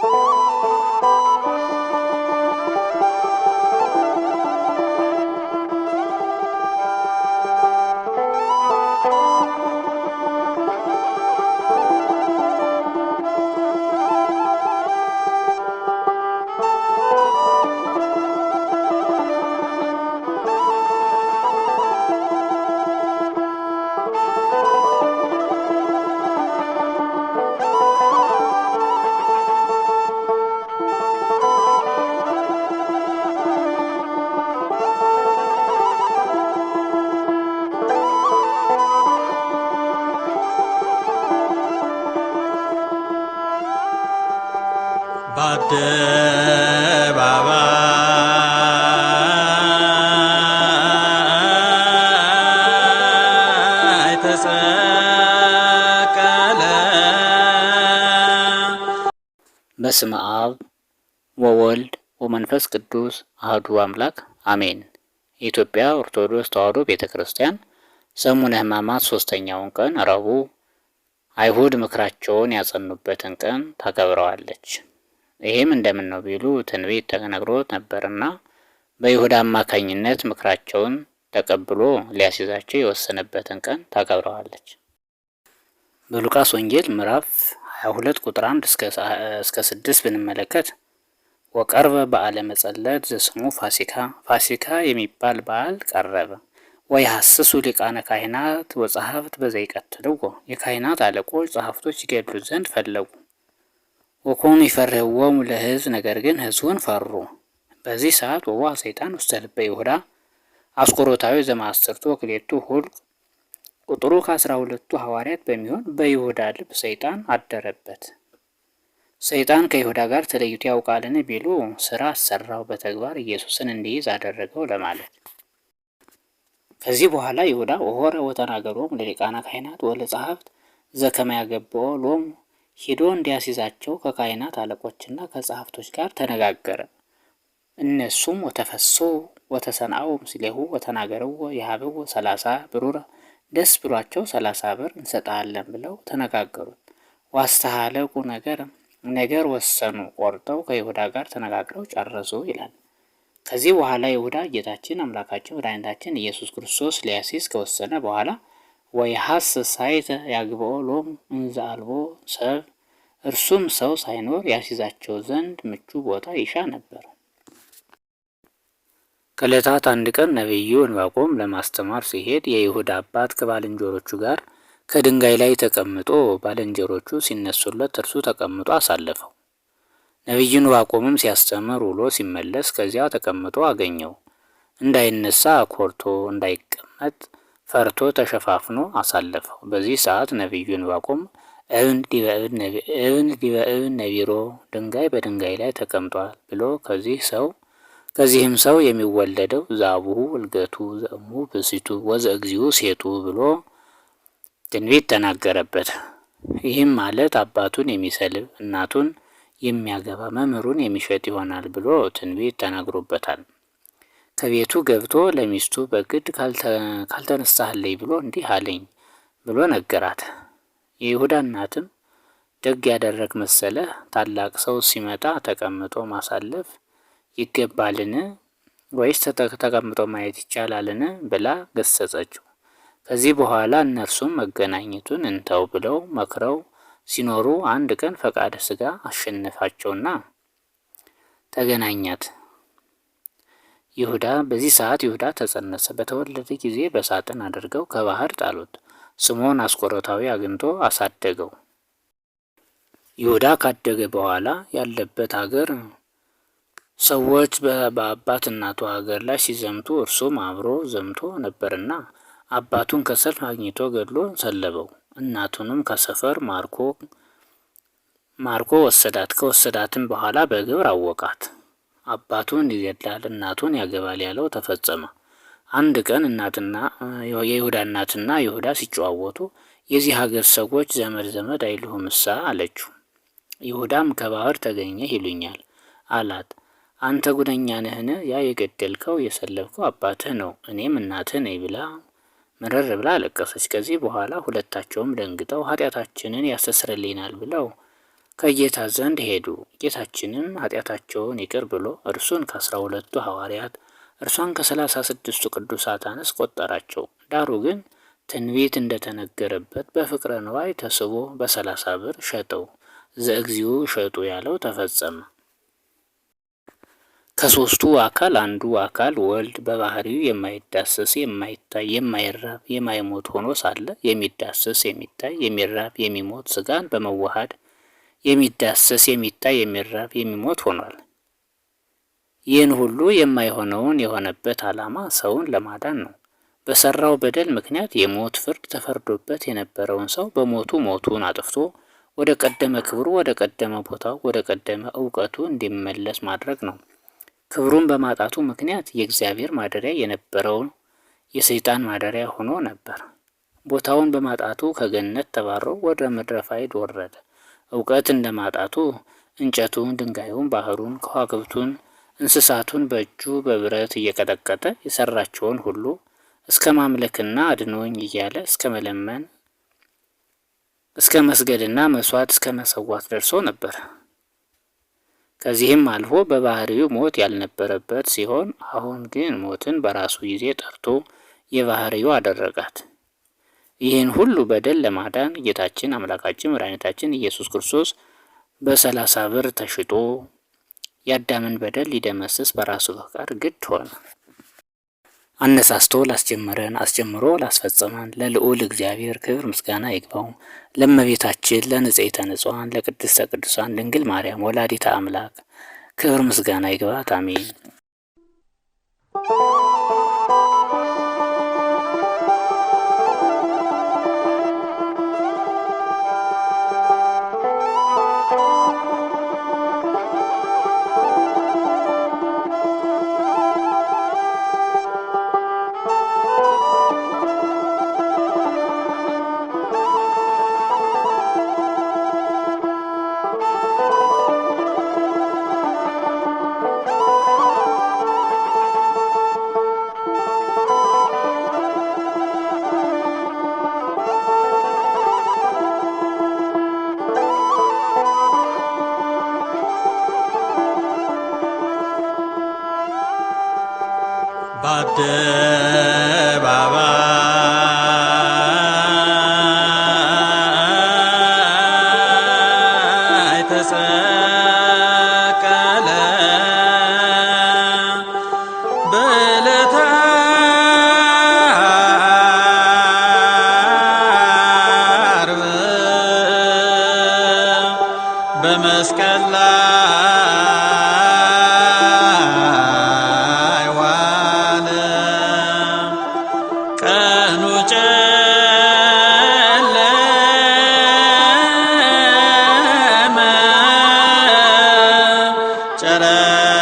Thank you. በስመ አብ ወወልድ ወመንፈስ ቅዱስ አህዱ አምላክ አሜን። የኢትዮጵያ ኦርቶዶክስ ተዋሕዶ ቤተ ክርስቲያን ሰሙነ ሕማማት ሶስተኛውን ቀን ረቡዕ አይሁድ ምክራቸውን ያጸኑበትን ቀን ታከብረዋለች። ይህም እንደምን ነው ቢሉ ትንቢት ተነግሮት ነበርና በይሁዳ አማካኝነት ምክራቸውን ተቀብሎ ሊያስይዛቸው የወሰነበትን ቀን ታከብረዋለች። በሉቃስ ወንጌል ምዕራፍ ሁለት ቁጥር አንድ እስከ ስድስት ብንመለከት ወቀርበ በዓለ መጸለት ዘስሙ ፋሲካ ፋሲካ የሚባል በዓል ቀረበ። ወይሐስሱ ሊቃነ ካህናት ወጸሐፍት በዘይቀትልዎ የካህናት አለቆች ጸሐፍቶች ይገድሉት ዘንድ ፈለጉ። ወኮኑ ይፈርህዎሙ ለሕዝብ ነገር ግን ሕዝቡን ፈሩ። በዚህ ሰዓት ወዋ ሰይጣን ውስተ ልበ ይሁዳ አስቆሮታዊ ዘማስርቶ ክሌቱ ሁልቅ ቁጥሩ ከአስራ ሁለቱ ሐዋርያት በሚሆን በይሁዳ ልብ ሰይጣን አደረበት። ሰይጣን ከይሁዳ ጋር ተለይቶ ያውቃልን ቢሉ ስራ አሰራው፣ በተግባር ኢየሱስን እንዲይዝ አደረገው ለማለት። ከዚህ በኋላ ይሁዳ ወሆረ ወተናገሮም ለሊቃና ካህናት ወለጸሐፍት ዘከማያገብኦ ሎም ሂዶ እንዲያስይዛቸው ከካህናት አለቆችና ከጸሐፍቶች ጋር ተነጋገረ። እነሱም ወተፈሶ ወተሰናአው ምስሌሁ ወተናገረው የሀበው ሰላሳ ብሩራ ደስ ብሏቸው ሰላሳ ብር እንሰጣለን ብለው ተነጋገሩት ዋስተሃለቁ ነገር ነገር ወሰኑ ቆርጠው ከይሁዳ ጋር ተነጋግረው ጨረሱ ይላል። ከዚህ በኋላ ይሁዳ ጌታችን አምላካችን መድኃኒታችን ኢየሱስ ክርስቶስ ሊያሲዝ ከወሰነ በኋላ ሀስ ሳይተ ያግበኦ ሎም እንዘ አልቦ ሰብ እርሱም ሰው ሳይኖር ያሲዛቸው ዘንድ ምቹ ቦታ ይሻ ነበር። ከዕለታት አንድ ቀን ነቢዩ ዕንባቆም ለማስተማር ሲሄድ የይሁድ አባት ከባልንጀሮቹ ጋር ከድንጋይ ላይ ተቀምጦ ባልንጀሮቹ ሲነሱለት እርሱ ተቀምጦ አሳለፈው። ነቢዩ ዕንባቆምም ሲያስተምር ውሎ ሲመለስ ከዚያ ተቀምጦ አገኘው። እንዳይነሳ ኮርቶ እንዳይቀመጥ ፈርቶ ተሸፋፍኖ አሳለፈው። በዚህ ሰዓት ነቢዩ ዕንባቆም እብን ዲበ እብን ነቢሮ ድንጋይ በድንጋይ ላይ ተቀምጧል ብሎ ከዚህ ሰው ከዚህም ሰው የሚወለደው ዛቡሁ እልገቱ ዘሙ ብሲቱ ወዘ እግዚኡ ሴቱ ብሎ ትንቢት ተናገረበት። ይህም ማለት አባቱን የሚሰልብ እናቱን የሚያገባ መምህሩን የሚሸጥ ይሆናል ብሎ ትንቢት ተናግሮበታል። ከቤቱ ገብቶ ለሚስቱ በግድ ካልተነሳህለኝ ብሎ እንዲህ አለኝ ብሎ ነገራት። የይሁዳ እናትም ደግ ያደረግ መሰለህ ታላቅ ሰው ሲመጣ ተቀምጦ ማሳለፍ ይገባልን ወይስ ተቀምጦ ማየት ይቻላልን ብላ ገሰጸችው። ከዚህ በኋላ እነርሱም መገናኘቱን እንተው ብለው መክረው ሲኖሩ አንድ ቀን ፈቃደ ስጋ አሸነፋቸውና ተገናኛት። ይሁዳ በዚህ ሰዓት ይሁዳ ተጸነሰ። በተወለደ ጊዜ በሳጥን አድርገው ከባህር ጣሉት። ስምዖን አስቆሮታዊ አግኝቶ አሳደገው። ይሁዳ ካደገ በኋላ ያለበት አገር ሰዎች በአባት እናቱ ሀገር ላይ ሲዘምቱ እርሱም አብሮ ዘምቶ ነበርና አባቱን ከሰልፍ አግኝቶ ገድሎ ሰለበው። እናቱንም ከሰፈር ማርኮ ማርኮ ወሰዳት። ከወሰዳትም በኋላ በግብር አወቃት። አባቱን ይገድላል እናቱን ያገባል ያለው ተፈጸመ። አንድ ቀን እናትና የይሁዳ እናትና ይሁዳ ሲጨዋወቱ የዚህ ሀገር ሰዎች ዘመድ ዘመድ ሳ አለችው። ይሁዳም ከባህር ተገኘህ ይሉኛል አላት። አንተ ጉደኛ ነህን? ያ የገደልከው የሰለብከው አባትህ ነው፣ እኔም እናትህ ነኝ ብላ መረር ብላ አለቀሰች። ከዚህ በኋላ ሁለታቸውም ደንግጠው ኃጢአታችንን ያስተሰርልናል ብለው ከጌታ ዘንድ ሄዱ። ጌታችንም ኃጢአታቸውን ይቅር ብሎ እርሱን ከአስራ ሁለቱ ሐዋርያት እርሷን ከሰላሳ ስድስቱ ቅዱሳት አነስ ቆጠራቸው። ዳሩ ግን ትንቢት እንደተነገረበት በፍቅረ ንዋይ ተስቦ በሰላሳ ብር ሸጠው። ዘእግዚኡ ሸጡ ያለው ተፈጸመ። ከሶስቱ አካል አንዱ አካል ወልድ በባህሪው የማይዳሰስ የማይታይ የማይራብ የማይሞት ሆኖ ሳለ የሚዳሰስ የሚታይ የሚራብ የሚሞት ስጋን በመዋሃድ የሚዳሰስ የሚታይ የሚራብ የሚሞት ሆኗል። ይህን ሁሉ የማይሆነውን የሆነበት ዓላማ ሰውን ለማዳን ነው። በሰራው በደል ምክንያት የሞት ፍርድ ተፈርዶበት የነበረውን ሰው በሞቱ ሞቱን አጥፍቶ ወደ ቀደመ ክብሩ፣ ወደ ቀደመ ቦታው፣ ወደ ቀደመ እውቀቱ እንዲመለስ ማድረግ ነው። ክብሩን በማጣቱ ምክንያት የእግዚአብሔር ማደሪያ የነበረውን የሰይጣን ማደሪያ ሆኖ ነበር። ቦታውን በማጣቱ ከገነት ተባሮ ወደ ምድረ ፋይድ ወረደ። እውቀት እንደማጣቱ እንጨቱን፣ ድንጋዩን፣ ባህሩን፣ ከዋክብቱን፣ እንስሳቱን በእጁ በብረት እየቀጠቀጠ የሰራቸውን ሁሉ እስከ ማምለክና አድኖኝ እያለ እስከ መለመን እስከ መስገድና መስዋዕት እስከ መሰዋት ደርሶ ነበር። ከዚህም አልፎ በባህሪው ሞት ያልነበረበት ሲሆን አሁን ግን ሞትን በራሱ ጊዜ ጠርቶ የባህሪው አደረጋት። ይህን ሁሉ በደል ለማዳን ጌታችን አምላካችን መድኃኒታችን ኢየሱስ ክርስቶስ በሰላሳ ብር ተሽጦ የአዳምን በደል ሊደመስስ በራሱ ፈቃድ ግድ ሆነ። አነሳስቶ ላስጀመረን አስጀምሮ ላስፈጸመን ለልዑል እግዚአብሔር ክብር ምስጋና ይግባው። ለእመቤታችን ለንጽሕተ ንጹሐን ለቅድስተ ቅዱሳን ድንግል ማርያም ወላዲተ አምላክ ክብር ምስጋና ይግባት። አሜን። Ah. سلام